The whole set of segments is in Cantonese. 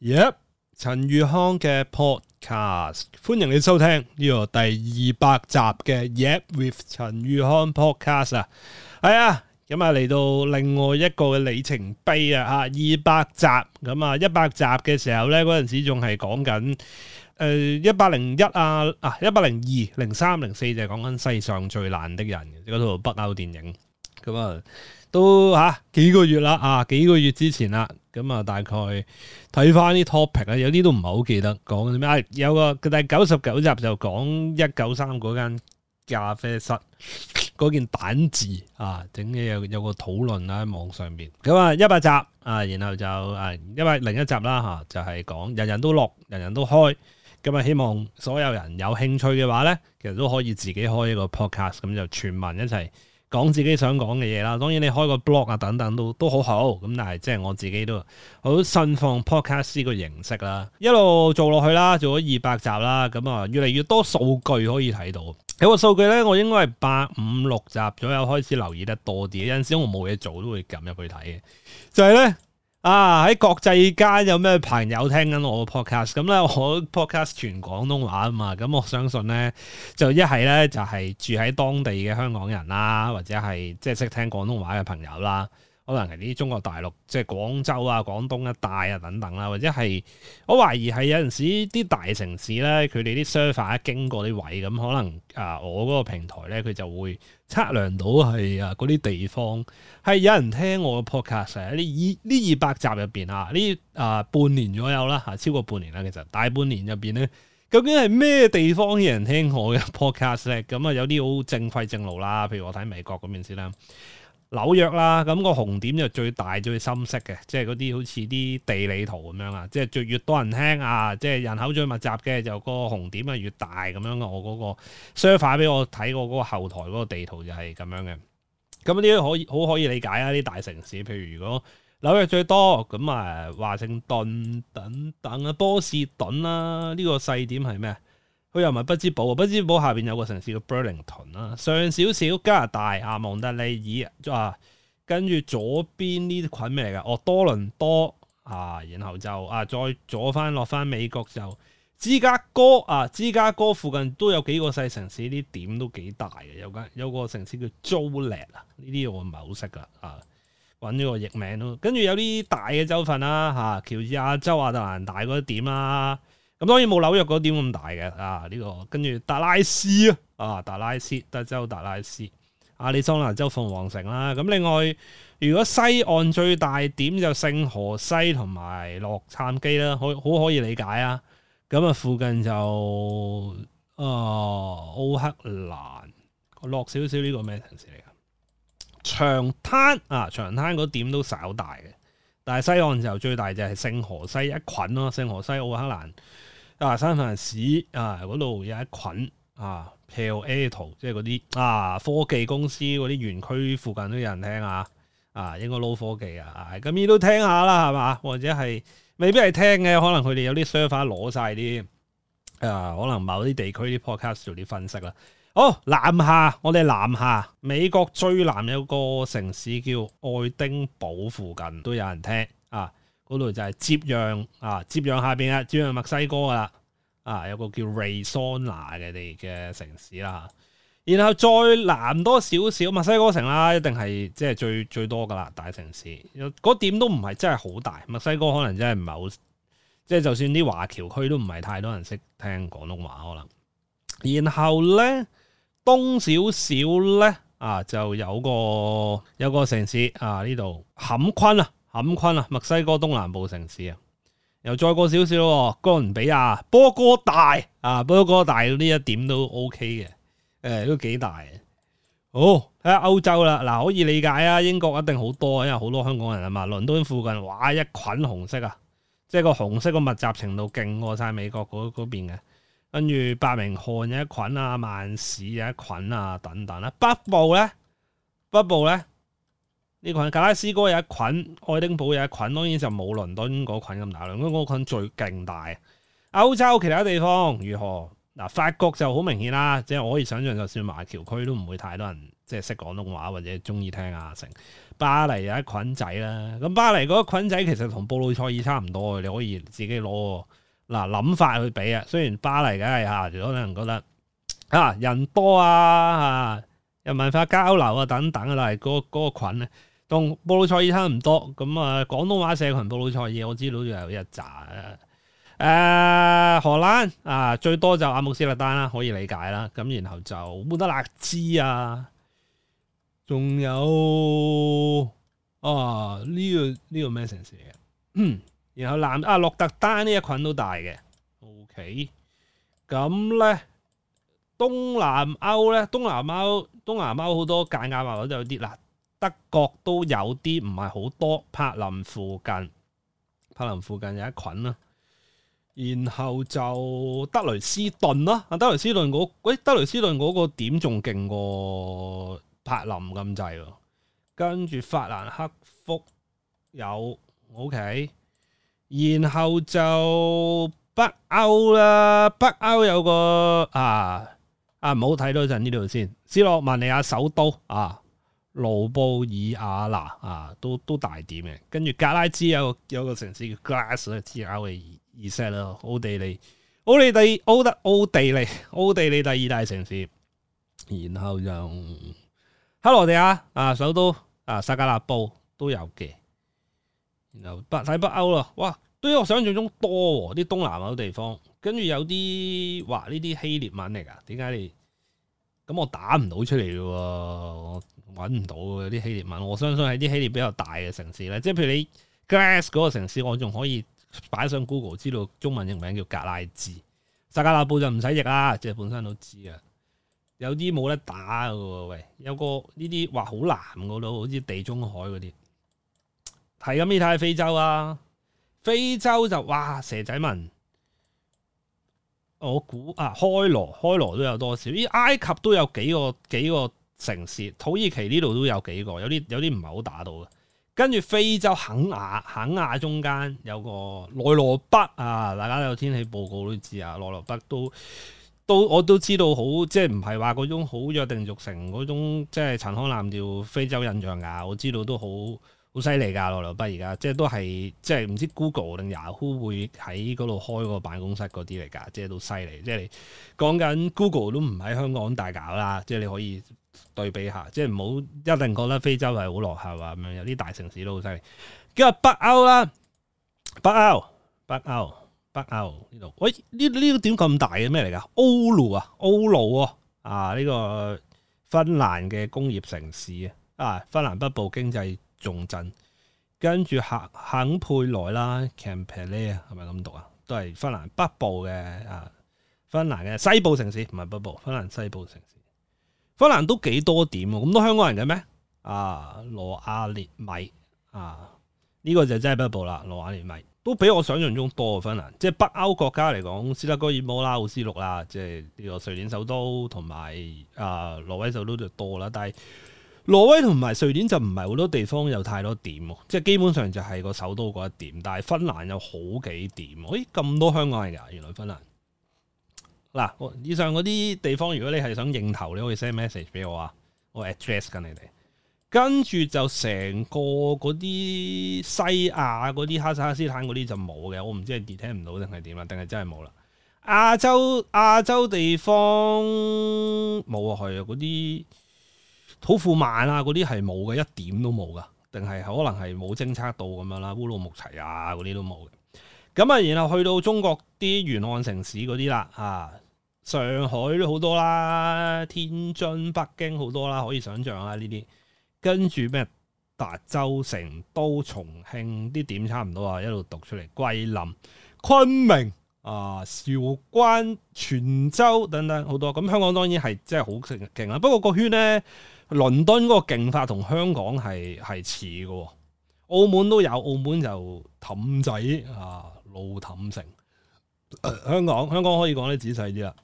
Yep，陳宇康嘅 podcast，歡迎你收聽呢個第二百集嘅 Yep、yeah、with 陳宇康 podcast 啊，係啊，咁啊嚟到另外一個里程碑啊吓，二百集，咁啊一百集嘅時候咧，嗰陣時仲係講緊誒一百零一啊啊一百零二零三零四就係講緊世上最爛的人嘅嗰套北歐電影，咁啊都吓、啊、幾個月啦啊幾個月之前啦。咁啊，大概睇翻啲 topic 啊，有啲都唔係好記得講啲咩。有個第九十九集就講一九三嗰間咖啡室嗰件蛋字啊，整嘅有有個討論啦喺網上邊。咁啊，一百集啊，然後就誒，因為另一集啦吓，就係、是、講人人都落，人人都開。咁啊、嗯，希望所有人有興趣嘅話咧，其實都可以自己開一個 podcast，咁就全民一齊。講自己想講嘅嘢啦，當然你開個 blog 啊、等等都都好好，咁但係即係我自己都好信奉 podcast 呢個形式啦，一路做落去啦，做咗二百集啦，咁啊越嚟越多數據可以睇到。有個數據呢，我應該係八五六集左右開始留意得多啲，有陣時我冇嘢做都會撳入去睇嘅，就係呢。啊！喺國際間有咩朋友聽緊我嘅 podcast？咁咧，我 podcast 全廣東話啊嘛。咁我相信咧，就一係咧就係住喺當地嘅香港人啦，或者係即係識聽廣東話嘅朋友啦。可能係啲中國大陸，即係廣州啊、廣東一帶啊等等啦、啊，或者係我懷疑係有陣時啲大城市咧，佢哋啲 server 啊經過啲位咁，可能啊我嗰個平台咧，佢就會測量到係啊嗰啲地方係有人聽我嘅 podcast 喺二呢二百集入邊啊，呢啊半年左右啦，嚇超過半年啦，其實大半年入邊咧，究竟係咩地方有人聽我嘅 podcast 咧？咁啊有啲好正規正路啦，譬如我睇美國嗰邊先啦。紐約啦，咁個紅點就最大最深色嘅，即係嗰啲好似啲地理圖咁樣啊，即係最越多人聽啊，即係人口最密集嘅，就個紅點啊越大咁樣嘅。我嗰個 server 俾我睇過嗰個後台嗰個地圖就係咁樣嘅。咁啲可以好可以理解啊，啲大城市，譬如如果紐約最多，咁啊華盛頓等等啊波士頓啦、啊，呢個細點係咩？佢又咪不，不知堡啊？不知堡下邊有個城市叫 Burlington 啦，上少少加拿大啊蒙特利爾啊，跟住左邊呢啲群咩嚟噶？哦，多倫多啊，然後就啊再左翻落翻美國就芝加哥啊，芝加哥附近都有幾個細城市，啲點都幾大嘅。有間有個城市叫租力啊，呢啲我唔係好識噶啊，揾咗個譯名咯。跟住有啲大嘅州份啦，吓、啊、喬治亞州亞特蘭大嗰啲點啦。咁當然冇紐約嗰點咁大嘅啊！呢、呢個跟住達拉斯啊，啊達拉斯德州達拉斯，亞利桑那州鳳凰城啦。咁、啊、另外，如果西岸最大點就聖河西同埋洛杉磯啦，好好可以理解啊。咁啊，附近就啊奧克蘭落少少呢個咩城市嚟嘅？長灘啊，長灘嗰點都稍大嘅，但係西岸就最大就係聖河西一羣咯，聖河西奧克蘭，亞利桑市啊，嗰度、啊、有一群啊，pelato，即係嗰啲啊，科技公司嗰啲園區附近都有人聽啊，啊，應該撈科技啊，咁、啊、你都聽下啦，係嘛？或者係未必係聽嘅，可能佢哋有啲 server 攞晒啲啊，可能某啲地區啲 podcast 做啲分析啦。好，南下，我哋南下，美國最南有個城市叫愛丁堡附近都有人聽啊。嗰度就係接壤啊，接壤下邊啊，接壤墨西哥㗎喇，啊，有個叫 Reynosa 嘅地嘅城市啦，啊，然後再南多少少墨西哥城啦，一定係即係最最多㗎喇大城市，嗰、那個、點都唔係真係好大，墨西哥可能真係唔係好，即、就、係、是、就算啲華僑區都唔係太多人識聽廣東話可能，然後呢東少少呢啊就有個有個城市啊呢度坎昆啊。這裡坎昆啊，墨西哥東南部城市啊，又再過少少、啊，哥倫比亞波哥大啊，波哥大呢一點都 O K 嘅，誒、呃、都幾大嘅、啊。好睇下歐洲啦，嗱、啊、可以理解啊，英國一定好多，因為好多香港人啊嘛，倫敦附近哇一羣紅色啊，即係個紅色嘅密集程度勁過晒美國嗰邊嘅，跟住伯明翰有一羣啊，曼市有一羣啊，等等啦、啊，北部咧，北部咧。呢群格拉斯哥有一群，愛丁堡有一群，當然就冇倫敦嗰群咁大。倫敦嗰群最勁大。歐洲其他地方如何？嗱，法國就好明顯啦，即係我可以想象，就算華僑區都唔會太多人即係識廣東話或者中意聽啊，成巴黎有一群仔啦，咁巴黎嗰個群仔其實同布魯塞爾差唔多嘅，你可以自己攞嗱諗法去比啊。雖然巴黎梗係如果可能覺得、啊、人多啊，啊，文化交流啊，等等，但係嗰嗰個群咧。那個群同布魯塞爾差唔多，咁啊廣東話社群布魯塞爾我知道有一紮啊，誒荷蘭啊最多就阿姆斯特丹啦，可以理解啦，咁然後就烏得勒支啊，仲有啊呢、這個呢、這個咩城市嘅、啊？然後南啊洛特丹呢一群都大嘅，OK。咁咧，東南歐咧，東南歐東南歐好多間亞話都有啲嗱。德國都有啲唔係好多，柏林附近，柏林附近有一群啦，啊，然後就德累斯頓啦，啊，德累斯頓嗰，那個，喂，欸，德累斯頓嗰個點仲勁過柏林咁滯喎。跟住法蘭克福有 OK，然後就北歐啦，北歐有個啊啊，唔好睇多陣呢度先，斯洛文尼亞首都啊。盧布爾雅納啊，都都大點嘅，跟住格拉茲有有個城市叫 Glas 咧，G-L-E-Z 啦，奧地利，奧地利，奧德，奧地利，奧地，地利第二大城市。然後就克羅地亞啊，首都啊，薩格勒布都有嘅。然後北西北歐咯，哇，都比我想象中多啲，哦。東南亞嘅地方，跟住有啲話呢啲希臘文嚟噶，點解你咁我打唔到出嚟嘅，啊？揾唔到嘅啲希臘文，我相信喺啲希臘比較大嘅城市咧，即係譬如你 Glass 嗰個城市，我仲可以擺上 Google 知道中文譯名叫格拉治。薩格勒布就唔使譯啦，即係本身都知啊。有啲冇得打㗎喎，喂，有個呢啲話好難嘅都，好似地中海嗰啲。係咁，你睇下非洲啊，非洲就哇蛇仔文。我估啊，開羅、開羅都有多少？咦埃及都有幾個幾個。城市土耳其呢度都有幾個，有啲有啲唔係好打到嘅。跟住非洲肯亞，肯亞中間有個內羅畢，啊，大家都有天氣報告都知啊，內羅畢都都我都知道好，即係唔係話嗰種好約定俗成嗰種即係陳腔濫調非洲印象啊，我知道都好。好犀利噶，羅倫北而家，即係都係，即係唔知 Google 定 Yahoo 會喺嗰度開嗰個辦公室嗰啲嚟噶，即係都犀利。即係你講緊 Google 都唔喺香港大搞啦，即係你可以對比一下，即係唔好一定覺得非洲係好落後啊咁樣，有啲大城市都好犀利。叫北歐啦，北歐，北歐，北歐呢度。喂，呢呢個點咁大嘅咩嚟噶？Oulu 啊 Oulu 啊，啊呢、呢個芬蘭嘅工業城市啊，芬蘭北部經濟。重鎮，跟住赫肯佩萊啦 Kamperle 係咪咁讀啊？都係芬蘭北部嘅啊，芬蘭嘅西部城市，唔係北部，芬蘭西部城市。芬蘭都幾多點喎、啊？咁多香港人嘅咩？啊，羅亞涅米啊，呢、呢個就真係北部啦，羅亞涅米都比我想象中多芬蘭即係北歐國家嚟講，斯德哥爾摩啦、奧斯陸啦，即係呢個瑞典首都同埋啊挪威首都就多啦，但係。挪威同埋瑞典就唔係好多地方有太多點，即係基本上就係個首都嗰一點。但係芬蘭有好幾點，咦，咁多香港人啊！原來芬蘭嗱，以上嗰啲地方，如果你係想認頭，你可以 send message 俾我啊，我 address 緊你哋。跟住就成個嗰啲西亞嗰啲哈薩克斯坦嗰啲就冇嘅，我唔知係 detect 唔到定係點啦，定係真係冇啦。亞洲亞洲地方冇啊，係啊嗰啲。土庫曼啊，嗰啲係冇嘅，一點都冇噶，定係可能係冇偵測到咁樣啦，烏魯木齊啊嗰啲都冇嘅。咁啊，然後去到中國啲沿岸城市嗰啲啦，啊，上海都好多啦，天津、北京好多啦，可以想象啦呢啲。跟住咩？達州城、成都、重慶啲點差唔多啊，一路讀出嚟，桂林、昆明。啊！韶關、泉州等等好多，咁香港當然係真係好勁啦。不過個圈呢，倫敦嗰個勁法同香港係係似嘅。澳門都有，澳門就氹仔啊，路氹城。香港，香港可以講得仔細啲啦。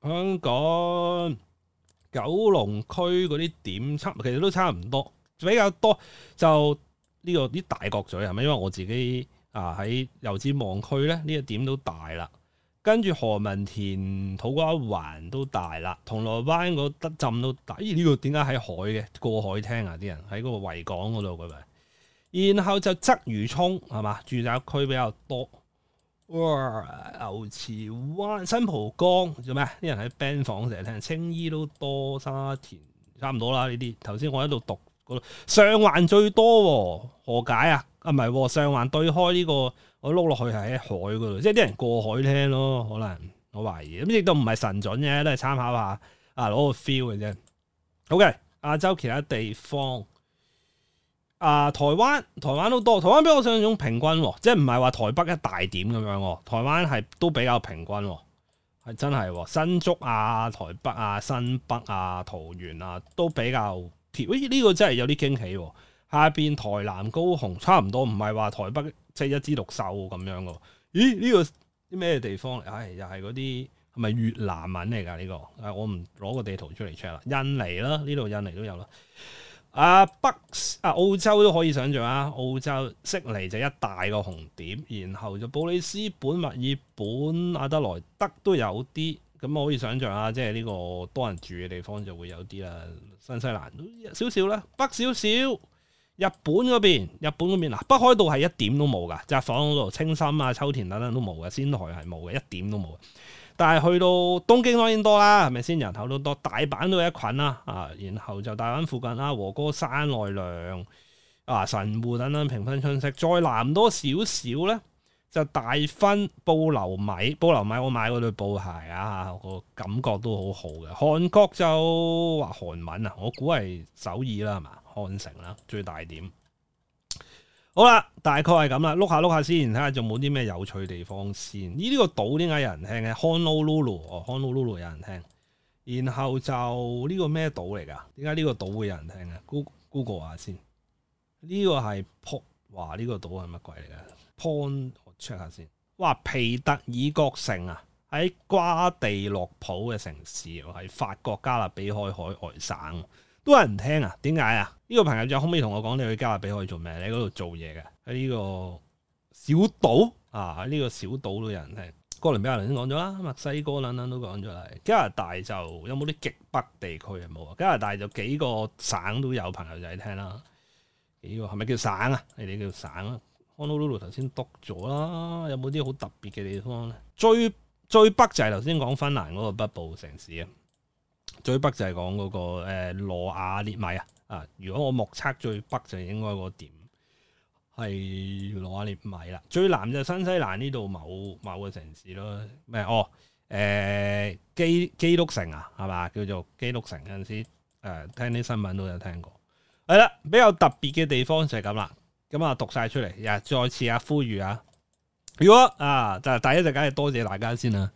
香港九龍區嗰啲點差，其實都差唔多，比較多就呢個啲大角咀係咪？是是因為我自己。啊！喺油尖旺區咧，呢一點都大啦。跟住何文田土瓜灣都大啦。銅鑼灣嗰得浸都大。咦、欸？呢個點解喺海嘅？過海聽啊！啲人喺嗰個維港嗰度佢咪？然後就鰂魚涌係嘛？住宅區比較多。哇！牛池灣、新蒲崗，做咩？啲人喺 band 房成日聽。青衣都多，沙田差唔多啦。呢啲頭先我喺度讀。上環最多、喎，何解啊？啊，唔係、喎、上環對開呢、呢個，我碌落去係喺海度，即係啲人過海聽咯，可能我懷疑，咁亦都唔係神準啫，都係參考下啊，攞個 feel 嘅啫。OK，亞洲其他地方，啊，台灣，台灣都多，台灣比我想像中平均、喎，即係唔係話台北一大點咁樣，台灣係都比較平均、喎，係真係、喎，新竹啊、台北啊、新北啊、桃園啊，都比較。咦，呢個真係有啲驚喜喎！下邊台南高雄差唔多，唔係話台北即一枝獨秀咁樣噶。咦，呢、這個啲咩地方唉、哎，又係嗰啲係咪越南文嚟噶？呢、這個啊，我唔攞個地圖出嚟 check 啦。印尼啦，呢度印尼都有啦。啊北啊澳洲都可以想象啊，澳洲悉尼就一大個紅點，然後就布里斯本、墨爾本、阿德萊德都有啲。咁我可以想像啊，即係呢個多人住嘅地方就會有啲啦，新西蘭少少啦，北少少，日本嗰邊，日本嗰邊，北海道係一點都冇噶，札幌嗰度，青森啊、秋田等等都冇嘅，仙台係冇嘅，一點都冇。但係去到東京多多、當然多啦，係咪先？人口都多，大阪都有一群啦，啊，然後就大阪附近啦，和歌山、奈良啊、神戶等等，平分春色。再南多少少咧。就大分、布留米、布留米，米我買嗰對布鞋啊，個感覺都好好嘅。韓國就話韓文啊，我估係首爾啦，係嘛，漢城啦，最大點。好啦，大概係咁啦，碌下碌下先，睇下仲冇啲咩有趣地方先。咦？呢、呢個島點解有人聽嘅？Honolulu 哦，Honolulu 有人聽。然後就呢、呢個咩島嚟噶？點解呢個島會有人聽嘅？Google 下先。呢、呢個係 p o 話呢個島係乜鬼嚟噶？pond check 下先，哇！皮特爾國城啊，喺瓜地洛普嘅城市、啊，喺法國加勒比海海外省、啊，都有人聽啊？點解啊？呢、這個朋友仔可唔可以同我講，你去加勒比海做咩？你喺嗰度做嘢嘅喺呢個小島啊？喺呢個小島都有人聽。哥倫比亞頭先講咗啦，墨西哥等等都講咗啦。加拿大就有冇啲極北地區啊？有冇啊！加拿大就幾個省都有朋友仔聽啦、啊。幾個係咪叫省啊？你哋叫省啊？安努魯魯頭先篤咗啦，有冇啲好特別嘅地方咧？最最北就係頭先講芬蘭嗰個北部城市啊，最北就係講嗰個誒、呃、羅亞涅米啊。啊，如果我目測最北就應該個點係羅亞列米啦。最南就新西蘭呢度某某個城市咯。咩？哦，誒、呃、基基督城啊，係嘛？叫做基督城嗰陣時誒、呃，聽啲新聞都有聽過。係啦，比較特別嘅地方就係咁啦。咁啊，讀晒出嚟，又再次啊，呼籲啊！如果啊，就第一就梗係多謝大家先啦，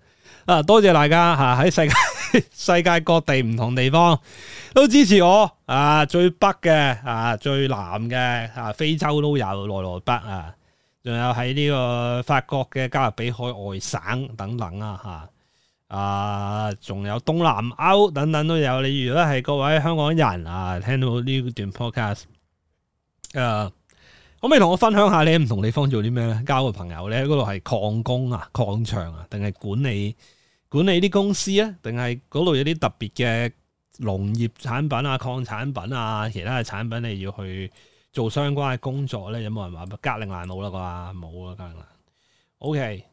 啊，多謝大家吓喺世界世界各地唔同地方都支持我啊，最北嘅啊，最南嘅啊，非洲都有，內羅畢啊，仲有喺呢個法國嘅加勒比海外省等等啊，吓啊，仲有東南歐等等都有。你如果係各位香港人啊，聽到呢段 podcast，誒、啊。可唔可以同我分享下你唔同地方做啲咩咧？交個朋友咧，嗰度係礦工啊、礦場啊，定係管理管理啲公司啊？定係嗰度有啲特別嘅農業產品啊、礦產品啊、其他嘅產品你要去做相關嘅工作咧？有冇人話格陵蘭冇啦？啩冇、okay, 欸、啊，格陵蘭。O K，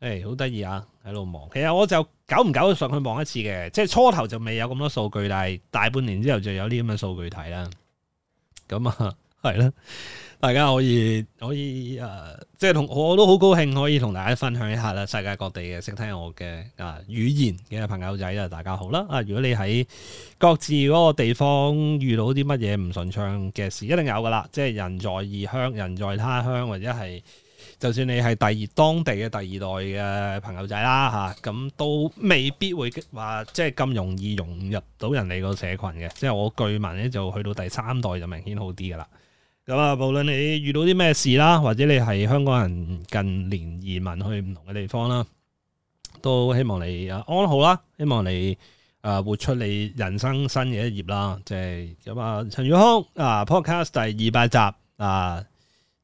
誒，好得意啊！喺度望，其實我就搞唔搞得上去望一次嘅，即係初頭就未有咁多數據，但係大半年之後就有啲咁嘅數據睇啦。咁啊。大家可以可以誒、啊，即係同我都好高興可以同大家分享一下啦。世界各地嘅識聽我嘅啊語言嘅朋友仔啊，大家好啦。啊，如果你喺各自嗰個地方遇到啲乜嘢唔順暢嘅事，一定有噶啦。即係人在異鄉、人在他鄉，或者係就算你係第二當地嘅第二代嘅朋友仔啦，吓、啊、咁、啊、都未必會話即係咁容易融入到人哋個社群嘅。即係我據聞咧，就去到第三代就明顯好啲噶啦。咁啊，無論你遇到啲咩事啦，或者你係香港人近年移民去唔同嘅地方啦，都希望你啊安好啦，希望你啊活出你人生新嘅一頁啦。即係咁啊，陳宇康啊，Podcast 第二百集啊，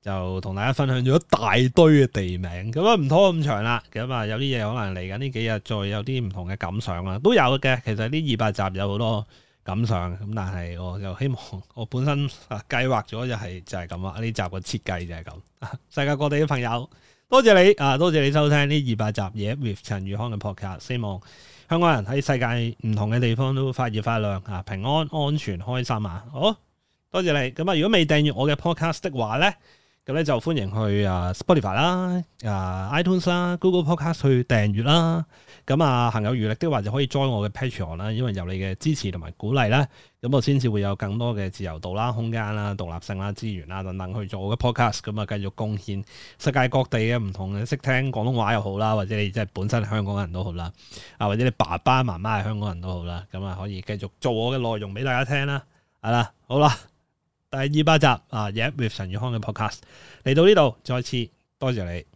就同大家分享咗一大堆嘅地名。咁啊，唔拖咁長啦。咁啊，有啲嘢可能嚟緊呢幾日再有啲唔同嘅感想啦，都有嘅。其實呢二百集有好多感想咁，但係我就希望我本身計劃咗就係就係咁啊！呢集嘅設計就係咁。世界各地嘅朋友，多謝你啊！多謝你收聽呢二百集嘢，with 陳宇康嘅 podcast。希望香港人喺世界唔同嘅地方都發熱發亮啊！平安、安全、開心啊！好，多謝你。咁啊，如果未訂閱我嘅 podcast 的話咧。咁咧就歡迎去啊 Spotify 啦、啊 iTunes 啦、Google Podcast 去訂閱啦。咁啊，行有餘力的話就可以 join 我嘅 Patreon 啦。因為有你嘅支持同埋鼓勵啦。咁我先至會有更多嘅自由度啦、空間啦、獨立性啦、資源啦等等去做我嘅 podcast。咁啊，繼續貢獻世界各地嘅唔同嘅識聽廣東話又好啦，或者你即係本身係香港人都好啦，啊或者你爸爸媽媽係香港人都好啦，咁啊可以繼續做我嘅內容俾大家聽啦。係啦，好啦。第二百集啊，Yeah，With 陳宇康嘅 Podcast 嚟到呢度，再次多謝你。